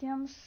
tiems